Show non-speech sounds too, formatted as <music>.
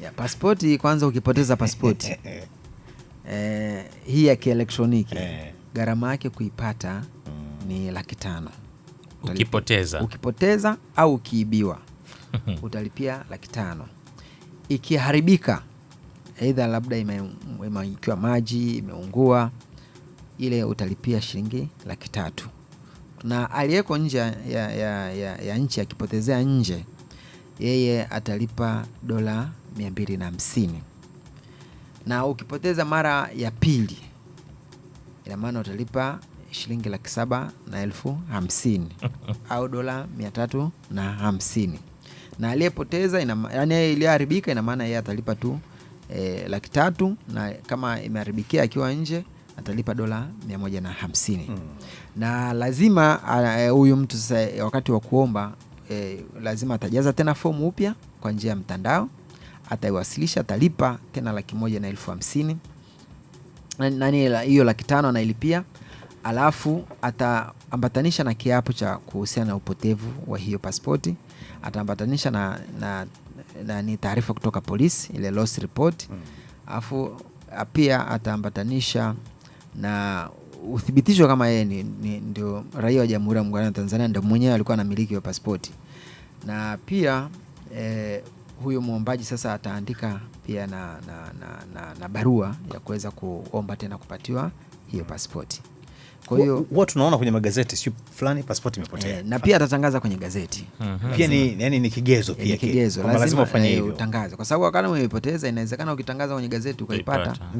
ya paspoti kwanza, ukipoteza paspoti <laughs> eh, hii ya kielektroniki eh, gharama yake kuipata ni laki tano ukipoteza, ukipoteza au ukiibiwa <laughs> utalipia laki tano. Ikiharibika aidha labda ikiwa maji imeungua, ile utalipia shilingi laki tatu, na aliyeko nje ya, ya, ya, ya nchi akipotezea nje yeye atalipa dola 250 na ukipoteza mara ya pili, ina maana utalipa shilingi laki saba na elfu hamsini <laughs> au dola mia tatu na hamsini na aliyepoteza yaani iliyoharibika, ina maana yeye atalipa tu e, laki tatu na kama imeharibikia akiwa nje atalipa dola mia moja na hamsini hmm. Na lazima eh, huyu mtu sasa wakati wa kuomba e, lazima atajaza tena fomu upya kwa njia ya mtandao, ataiwasilisha, atalipa tena laki moja na elfu hamsini nani hiyo laki tano anailipia, alafu ataambatanisha na kiapo cha kuhusiana na upotevu wa hiyo paspoti ataambatanisha na, na, na, ni taarifa kutoka polisi ile loss report, hmm. alafu pia ataambatanisha na uthibitisho kama yeye ni, ni, ndio raia wa Jamhuri ya Muungano wa Tanzania, ndio mwenyewe alikuwa anamiliki wa pasipoti na pia eh, huyu mwombaji sasa ataandika pia na, na, na, na, na barua ya kuweza kuomba tena kupatiwa hiyo pasipoti. Kwa hiyo huwa tunaona kwenye magazeti si fulani pasipoti imepotea. Eh, na pia atatangaza kwenye gazeti. uh-huh. Pia ni yani ni kigezo eh, pia. Ni kigezo. Lazima ufanye eh, hivyo. Utangaze. Kwa sababu kama umeipoteza inawezekana ukitangaza kwenye gazeti ukaipata.